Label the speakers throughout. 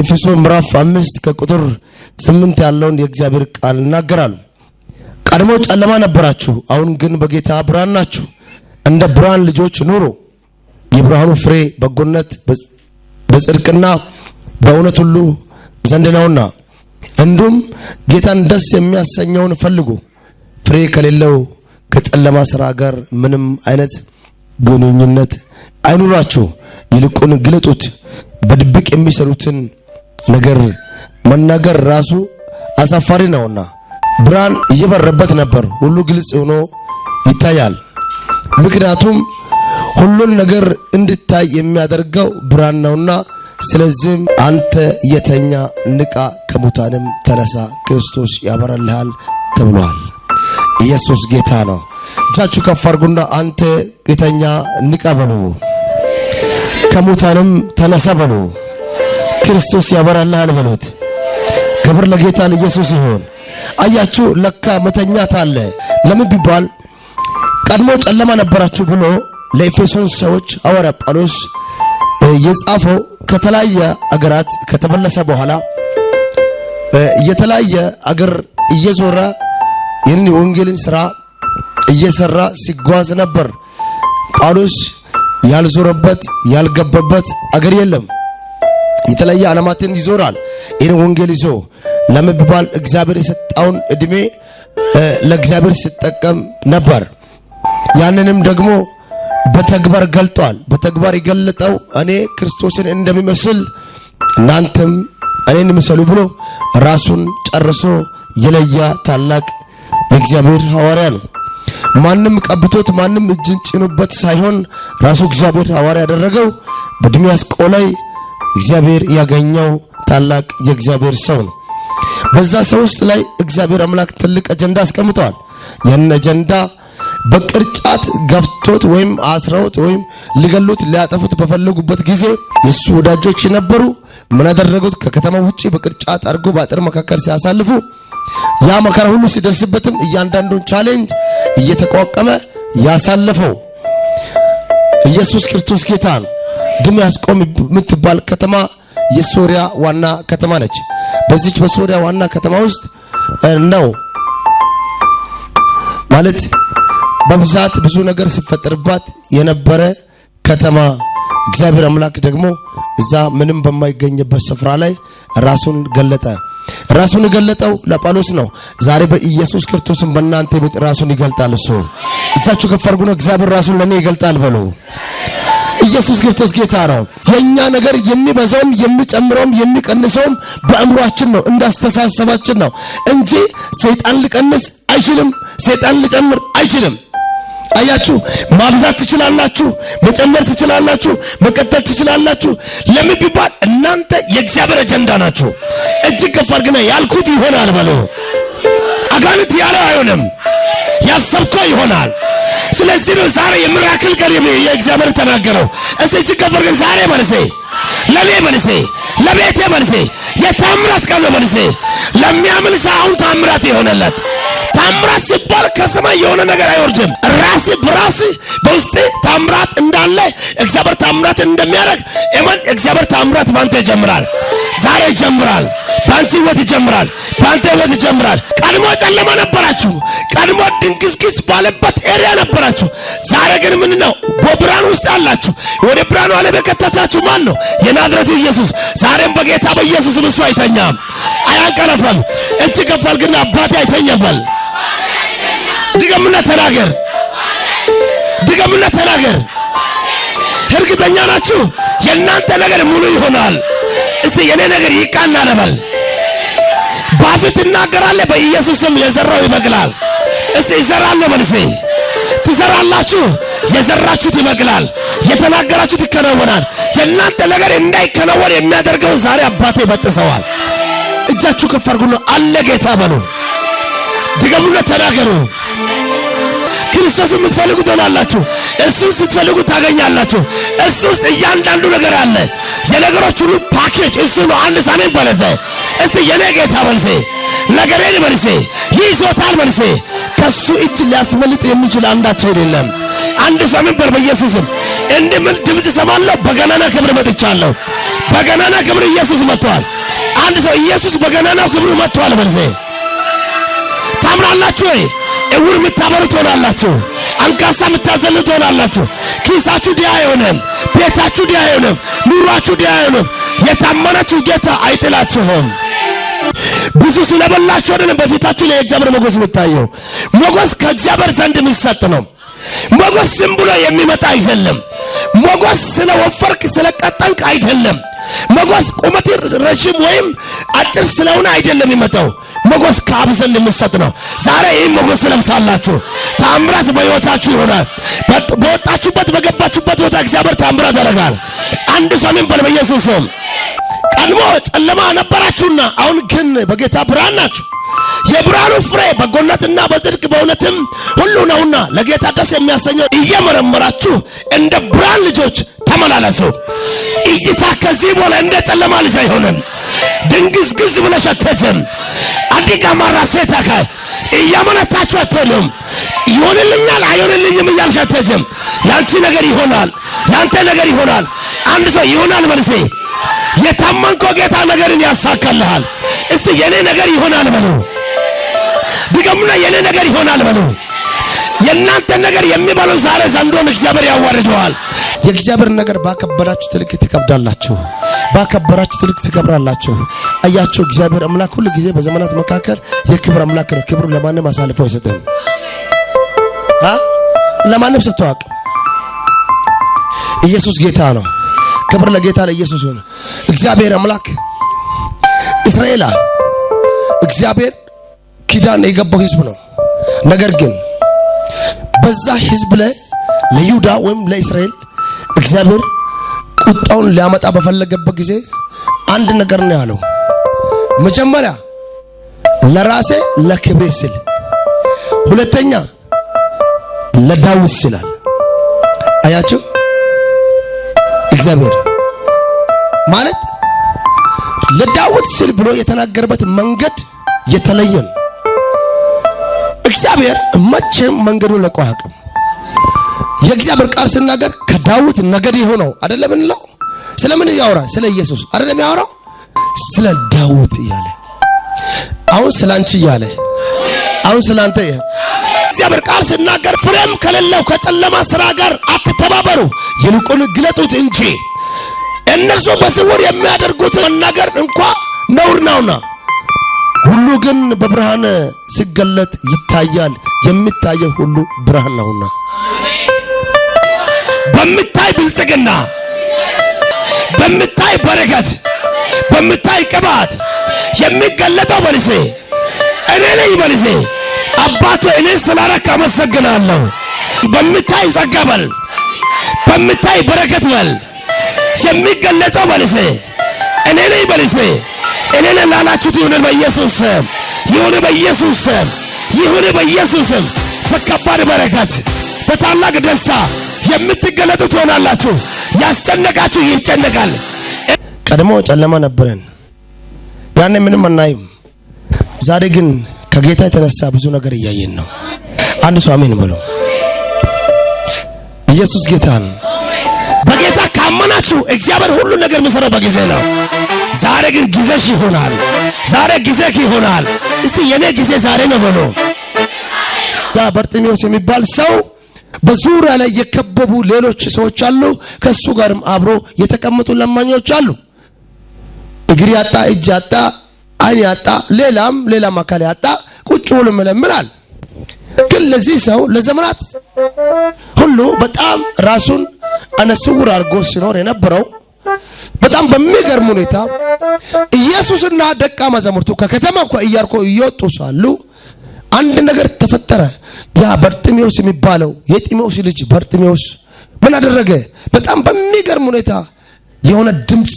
Speaker 1: ኤፌሶ ምዕራፍ አምስት ከቁጥር ስምንት ያለውን የእግዚአብሔር ቃል እናገራሉ። ቀድሞ ጨለማ ነበራችሁ፣ አሁን ግን በጌታ ብርሃን ናችሁ። እንደ ብርሃን ልጆች ኑሩ። የብርሃኑ ፍሬ በጎነት፣ በጽድቅና በእውነት ሁሉ ዘንድ ነውና፣ እንዲሁም ጌታን ደስ የሚያሰኘውን ፈልጉ። ፍሬ ከሌለው ከጨለማ ስራ ጋር ምንም አይነት ግንኙነት አይኑራችሁ፣ ይልቁን ግለጡት። በድብቅ የሚሰሩትን ነገር መናገር ራሱ አሳፋሪ ነውና ብርሃን እየበረበት ነበር። ሁሉ ግልጽ ሆኖ ይታያል። ምክንያቱም ሁሉን ነገር እንድታይ የሚያደርገው ብርሃን ነውና። ስለዚህም አንተ የተኛ ንቃ፣ ከሙታንም ተነሳ፣ ክርስቶስ ያበራልሃል ተብሏል። ኢየሱስ ጌታ ነው። እጃችሁ ከፍ አድርጉና አንተ የተኛ ንቃ በሉ፣ ከሙታንም ተነሳ በሉ። ክርስቶስ ያበራልሃል በሉት። ክብር ለጌታ ለኢየሱስ ይሁን። አያችሁ ለካ መተኛት አለ። ለምን ቢባል ቀድሞ ጨለማ ነበራችሁ ብሎ ለኤፌሶን ሰዎች ሐዋርያ ጳውሎስ የጻፈው ከተለያየ አገራት ከተመለሰ በኋላ የተለያየ አገር እየዞረ ይህንን የወንጌልን ስራ እየሰራ ሲጓዝ ነበር። ጳውሎስ ያልዞረበት ያልገባበት አገር የለም። የተለያየ ዓላማትን ይዞራል። ይህን ወንጌል ይዞ ለመባል እግዚአብሔር የሰጣውን እድሜ ለእግዚአብሔር ሲጠቀም ነበር። ያንንም ደግሞ በተግባር ገልጧል። በተግባር የገለጠው እኔ ክርስቶስን እንደሚመስል እናንተም እኔን ምሰሉ ብሎ ራሱን ጨርሶ የለያ ታላቅ የእግዚአብሔር ሐዋርያ ነው። ማንም ቀብቶት ማንም እጅን ጭኑበት ሳይሆን ራሱ እግዚአብሔር ሐዋርያ ያደረገው በድሚያስቆ ላይ እግዚአብሔር ያገኘው ታላቅ የእግዚአብሔር ሰው ነው። በዛ ሰው ውስጥ ላይ እግዚአብሔር አምላክ ትልቅ አጀንዳ አስቀምጠዋል። ያን አጀንዳ በቅርጫት ገፍቶት ወይም አስረውት ወይም ሊገሉት ሊያጠፉት በፈለጉበት ጊዜ የእሱ ወዳጆች የነበሩ ምን አደረጉት? ከከተማ ውጭ በቅርጫት አድርጎ በአጥር መካከል ሲያሳልፉ ያ መከራ ሁሉ ሲደርስበትም እያንዳንዱን ቻሌንጅ እየተቋቋመ ያሳለፈው ኢየሱስ ክርስቶስ ጌታ ነው። ድሜ አስቆም የምትባል ከተማ የሶሪያ ዋና ከተማ ነች። በዚች በሶሪያ ዋና ከተማ ውስጥ ነው ማለት በብዛት ብዙ ነገር ሲፈጠርባት የነበረ ከተማ እግዚአብሔር አምላክ ደግሞ እዛ ምንም በማይገኝበት ስፍራ ላይ ራሱን ገለጠ። ራሱን የገለጠው ለጳውሎስ ነው። ዛሬ በኢየሱስ ክርስቶስም በእናንተ ቤት ራሱን ይገልጣል። እሱ እጃችሁ ከፈርጉ ነው። እግዚአብሔር ራሱን ለእኔ ይገልጣል በሉ። ኢየሱስ ክርስቶስ ጌታ ነው። የኛ ነገር የሚበዛውም የሚጨምረውም የሚቀንሰውም በእምሯችን ነው፣ እንዳስተሳሰባችን ነው እንጂ ሰይጣን ሊቀንስ አይችልም። ሰይጣን ሊጨምር አይችልም። አያችሁ፣ ማብዛት ትችላላችሁ፣ መጨመር ትችላላችሁ፣ መቀጠል ትችላላችሁ። ለምን ቢባል እናንተ የእግዚአብሔር አጀንዳ ናችሁ። እጅግ ከፍ አድርግና ያልኩት ይሆናል በለው። አጋንንት ያለው አይሆንም፣ ያሰብከው ይሆናል። ስለዚህ ነው ዛሬ የምራክል ቀን የእግዚአብሔር ተናገረው። እዚህ እጅግ ከፈር ግን ዛሬ መልሴ ለኔ መልሴ ለቤቴ መልሴ የታምራት ቀን መልሴ ለሚያምን ሰው አሁን ታምራት ይሆነለት። ታምራት ሲባል ከሰማይ የሆነ ነገር አይወርድም። ራስ በራስ በውስጥ ታምራት እንዳለ እግዚአብሔር ታምራት እንደሚያደርግ እመን። እግዚአብሔር ታምራት ባንተ ይጀምራል። ዛሬ ይጀምራል። ባንቺ ህይወት ይጀምራል። ባንተ ህይወት ይጀምራል። ቀድሞ ጨለማ ነበራችሁ። ቀድሞ ድንግዝግዝ ባለበት ኤሪያ ነበራችሁ። ዛሬ ግን ምን ነው? በብርሃን ውስጥ አላችሁ። ወደ ብርሃኑ ዓለም የከተታችሁ ማን ነው? የናዝረቱ ኢየሱስ። ዛሬም በጌታ በኢየሱስ ምሱ አይተኛም፣ አያንቀለፈም። እጅ ከፋል ግን አባቴ አይተኛበል ድገምና ተናገር፣ ድገምና ተናገር። እርግጠኛ ናችሁ? የእናንተ ነገር ሙሉ ይሆናል። እስቲ የኔ ነገር ይቃና ነበል። ባፍ ትናገራለህ። በኢየሱስም የዘራው ይበቅላል። እስቲ ይዘራለሁ በልፌ ትዘራላችሁ። የዘራችሁት ይበቅላል። የተናገራችሁት ይከናወናል። የእናንተ ነገር እንዳይከናወን የሚያደርገውን ዛሬ አባቴ በጥሰዋል። እጃችሁ ከፍ አድርጉና አለ ጌታ በሉ። ድገሙና ተናገሩ። ክርስቶስ የምትፈልጉ ትሆናላችሁ። እሱን ስትፈልጉ ታገኛላችሁ። እሱ ውስጥ እያንዳንዱ ነገር አለ። የነገሮች ሁሉ ፓኬጅ እሱ ነው። አንድ ሳሜን በለዘ እስቲ የኔ ጌታ በልሴ ነገሬን በልሴ ይዞታል በልሴ ከእሱ እጅ ሊያስመልጥ የሚችል አንዳቸው አይደለም። አንድ ሰምን በር በኢየሱስም እንዲህ ምን ድምፅ ሰማለሁ። በገናና ክብር መጥቻለሁ። በገናና ክብር ኢየሱስ መጥቷል። አንድ ሰው ኢየሱስ በገናናው ክብሩ መጥቷል በልሴ ታምናላችሁ ወይ? እውር የምታበሩ ትሆናላችሁ። አንካሳ የምታዘሉ ትሆናላችሁ። ኪሳችሁ ዲያ አይሆንም። ቤታችሁ ዲያ አይሆንም። ኑሯችሁ ዲያ አይሆንም። የታመናችሁ ጌታ አይጥላችሁም። ብዙ ስለበላችሁ አይደለም በፊታችሁ ላይ የእግዚአብሔር ሞገስ የምታየው። ሞገስ ከእግዚአብሔር ዘንድ የሚሰጥ ነው። ሞገስ ዝም ብሎ የሚመጣ አይደለም። ሞገስ ስለ ወፈርክ ስለ ቀጠንክ አይደለም። ሞገስ ቁመት ረዥም ወይም አጭር ስለሆነ አይደለም የሚመጣው ሞገስ ከአብ ዘንድ ነው። ዛሬ ይህም ሞገስ ለብሳላችሁ ታምራት በሕይወታችሁ ይሆናል። በወጣችሁበት በገባችሁበት ቦታ እግዚአብሔር ታምራት ያደርጋል። አንድ ሰው አሜን በል። በኢየሱስ ስም ቀድሞ ጨለማ ነበራችሁና አሁን ግን በጌታ ብርሃን ናችሁ። የብርሃኑ ፍሬ በጎነትና በጽድቅ በእውነትም ሁሉ ነውና ለጌታ ደስ የሚያሰኘው እየመረመራችሁ እንደ ብርሃን ልጆች ተመላለሱ። እይታ ከዚህ በኋላ እንደ ጨለማ ልጅ አይሆንም። ድንግዝግዝ ብለሽ አትሄጂም። አዲግ አማራ ሴት አካ እያመነታችሁ አትሄዱም። ይሆንልኛል አይሆንልኝም እያልሽ አትሄጂም። ያንቺ ነገር ይሆናል፣ ያንተ ነገር ይሆናል። አንድ ሰው ይሆናል መልሴ የታመንኮ ጌታ ነገርን ያሳካልሃል። እስቲ የኔ ነገር ይሆናል በሉ ድገሙና፣ የኔ ነገር ይሆናል በሉ። የእናንተ ነገር የሚበለው ዛሬ ዘንዶን እግዚአብሔር ያዋርደዋል። የእግዚአብሔር ነገር ባከበዳችሁ ትልቅ ትከብዳላችሁ። ባከበራችሁ ትልቅ ትከብራላችሁ። አያችሁ፣ እግዚአብሔር አምላክ ሁሉ ጊዜ በዘመናት መካከል የክብር አምላክ ነው። ክብሩ ለማንም አሳልፎ አይሰጥም። ለማንም ሰጥቷቅ ኢየሱስ ጌታ ነው። ክብር ለጌታ ለኢየሱስ ሆነ። እግዚአብሔር አምላክ እስራኤላ እግዚአብሔር ኪዳን የገባው ህዝብ ነው። ነገር ግን በዛ ህዝብ ላይ ለይሁዳ ወይም ለእስራኤል እግዚአብሔር ቁጣውን ሊያመጣ በፈለገበት ጊዜ አንድ ነገር ነው ያለው። መጀመሪያ ለራሴ ለክብሬ ስል፣ ሁለተኛ ለዳዊት ስላል። አያችሁ እግዚአብሔር ማለት ለዳዊት ስል ብሎ የተናገረበት መንገድ የተለየ ነው። እግዚአብሔር መቼም መንገዱን ለቆ አያውቅም። የእግዚአብሔር ቃል ስናገር ከዳዊት ነገድ የሆነው አይደለም እንለው። ስለምን ያወራ? ስለ ኢየሱስ አይደለም ያወራው፣ ስለ ዳዊት እያለ አሁን ስለ አንቺ እያለ አሁን ስለ አንተ እግዚአብሔር ቃል ስናገር ፍሬም ከሌለው ከጨለማ ስራ ጋር አትተባበሩ፣ ይልቁን ግለጡት እንጂ እነርሱ በስውር የሚያደርጉት ነገር እንኳ ነውር ነውና፣ ሁሉ ግን በብርሃን ሲገለጥ ይታያል። የሚታየው ሁሉ ብርሃን ነውና በምታይ ብልጽግና፣ በምታይ በረከት፣ በምታይ ቅባት የሚገለጠው መልሴ እኔ ነኝ። መልሴ አባቶ እኔ ስላረክ አመሰግናለሁ። በምታይ ጸጋ በል፣ በምታይ በረከት በል፣ የሚገለጸው መልሴ እኔ ነኝ። መልሴ እኔ ነኝ ላላችሁት ይሁን በኢየሱስ ስም፣ ይሁን በኢየሱስ ስም፣ ይሁን በኢየሱስ ስም። በከባድ በረከት፣ በታላቅ ደስታ የምትገለጡ ትሆናላችሁ። ያስጨነቃችሁ ይጨነቃል። ቀድሞ ጨለማ ነበረን፣ ያኔ ምንም አናይም። ዛሬ ግን ከጌታ የተነሳ ብዙ ነገር እያየን ነው። አንድ ሰው አሜን ብሎ ኢየሱስ ጌታን በጌታ ካመናችሁ እግዚአብሔር ሁሉ ነገር የሚሰራው በጊዜ ነው። ዛሬ ግን ጊዜሽ ይሆናል። ዛሬ ጊዜህ ይሆናል። እስቲ የኔ ጊዜ ዛሬ ነው ብሎ ያ በርጤሜዎስ የሚባል ሰው በዙሪያ ላይ የከበቡ ሌሎች ሰዎች አሉ። ከእሱ ጋርም አብሮ የተቀመጡ ለማኞች አሉ። እግር ያጣ፣ እጅ ያጣ፣ አይን ያጣ፣ ሌላም ሌላም አካል ያጣ ቁጭ ብሎ ይመለምላል። ግን ለዚህ ሰው ለዘመናት ሁሉ በጣም ራሱን አነስውር አድርጎ ሲኖር የነበረው በጣም በሚገርም ሁኔታ ኢየሱስና ደቀ መዛሙርቱ ከከተማ እኮ ኢያሪኮ እየወጡ ሳሉ አንድ ነገር ተፈጠረ። ያ በርጢሜዎስ የሚባለው የጢሜዎስ ልጅ በርጢሜዎስ ምን አደረገ? በጣም በሚገርም ሁኔታ የሆነ ድምፅ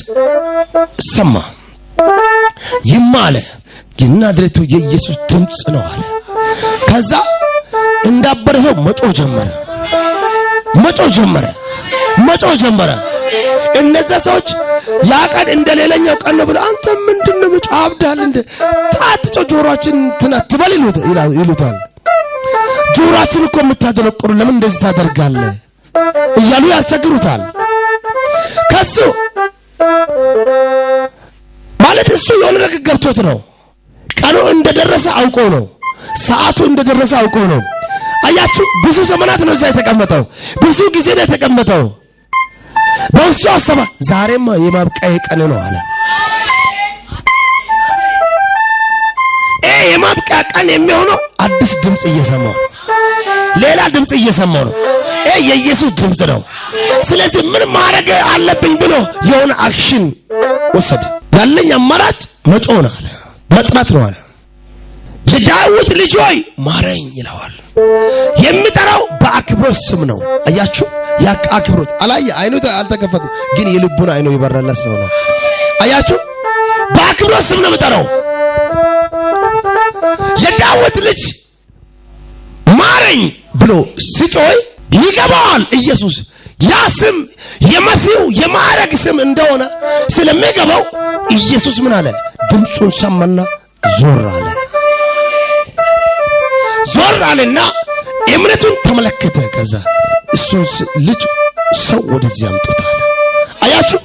Speaker 1: ሰማ። ይማ አለ የናዝሬቱ የኢየሱስ ድምፅ ነው አለ። ከዛ እንዳበረ ሰው መጮ ጀመረ፣ መጮ ጀመረ፣ መጮ ጀመረ። እነዛ ሰዎች ያ ቀን እንደ ሌላኛው ቀን ነው ብሎ አንተ ምንድን ነው ምጮ አብዳል እንደ ታትጮ ጆሮአችን ትነትበል ይሉታል። ጆሮአችን እኮ የምታደነቁሩ ለምን እንደዚህ ታደርጋለህ እያሉ ያስቸግሩታል። ከሱ ማለት እሱ የሆነ ነገር ገብቶት ነው። ቀኑ እንደደረሰ አውቆ ነው። ሰዓቱ እንደደረሰ አውቆ ነው። አያችሁ፣ ብዙ ዘመናት ነው እዛ የተቀመጠው። ብዙ ጊዜ ነው የተቀመጠው። በውስጡ አሰበ። ዛሬማ የማብቀይ ቀን ነው አለ። የማብቂያ ቀን የሚሆነው አዲስ ድምፅ እየሰማው ነው። ሌላ ድምፅ እየሰማው ነው። ይህ የኢየሱስ ድምፅ ነው። ስለዚህ ምን ማድረግ አለብኝ ብሎ የሆነ አክሽን ወሰደ። ያለኝ አማራጭ መጮህ ነው አለ፣ መጥራት ነው አለ። የዳዊት ልጅ ሆይ ማረኝ ይለዋል። የሚጠራው በአክብሮት ስም ነው። አያችሁ፣ አክብሮት አላየ አይኑ አልተከፈትም፣ ግን የልቡን አይኑ የበረለት ሰው ነው። አያችሁ፣ በአክብሮት ስም ነው የሚጠራው። የዳዊት ልጅ ማረኝ ብሎ ሲጮይ ይገባዋል ኢየሱስ ያ ስም የመሲሁ የማዕረግ ስም እንደሆነ ስለሚገባው ኢየሱስ ምን አለ? ድምፁን ሰማና ዞር አለ። ዞር አለና እምነቱን ተመለከተ። ከዛ እሱን ልጅ ሰው ወደዚህ አምጦታል አያችሁ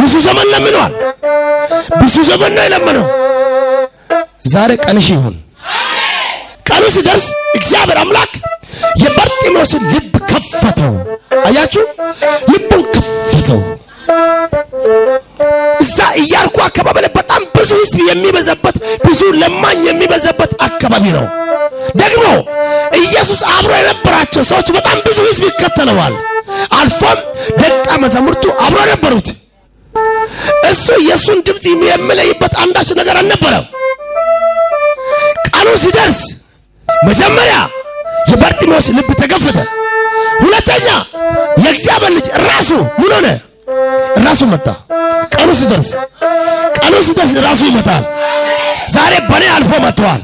Speaker 1: ብዙ ዘመን ለምነዋል። ብዙ ዘመን ነው የለመነው። ዛሬ ቀንሽ ይሁን። ቀኑ ሲደርስ እግዚአብሔር አምላክ የበርጢሞስን ልብ ከፈተው። አያችሁ ልቡን ከፈተው። እዛ እያልኩ አካባቢ ላይ በጣም ብዙ ህዝብ የሚበዛበት ብዙ ለማኝ የሚበዛበት አካባቢ ነው። ደግሞ ኢየሱስ አብሮ የነበራቸው ሰዎች በጣም ብዙ ህዝብ ይከተለዋል። አልፎም ደቀ መዛሙርቱ አብሮ ነበሩት። እሱ የእሱን ድምፅ የሚለይበት አንዳች ነገር አልነበረም። ቀኑ ሲደርስ መጀመሪያ የበርጢሞስ ልብ ተገፈተ። ሁለተኛ የእግዚአብሔር ልጅ ራሱ ምን ሆነ? ራሱ መጣ። ቀኑ ሲደርስ ቀኑ ሲደርስ ራሱ ይመጣል። ዛሬ በኔ አልፎ መጥተዋል።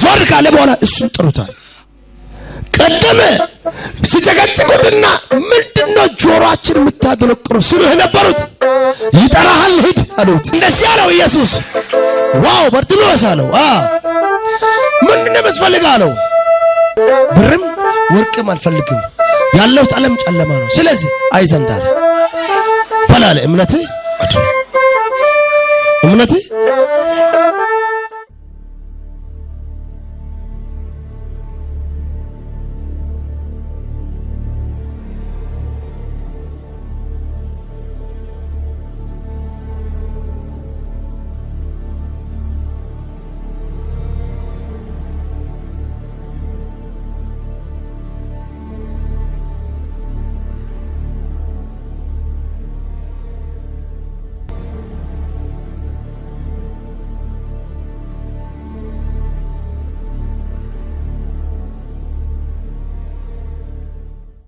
Speaker 1: ዞር ካለ በኋላ እሱን ጥሩታል። ቀደመ ሲጨቀጭቁትና ምንድነው ጆሮአችን የምታደለቅሮ ስሉህ ነበሩት። ይጠራሃል ሂድ አሉት። እንደዚህ አለው ኢየሱስ። ዋው በርጢሜዎስ አለው ምንድነው መስፈልግ አለው። ብርም ወርቅም አልፈልግም ያለሁት ዓለም ጨለማ ነው። ስለዚህ አይዘንዳለ በላለ እምነት እምነት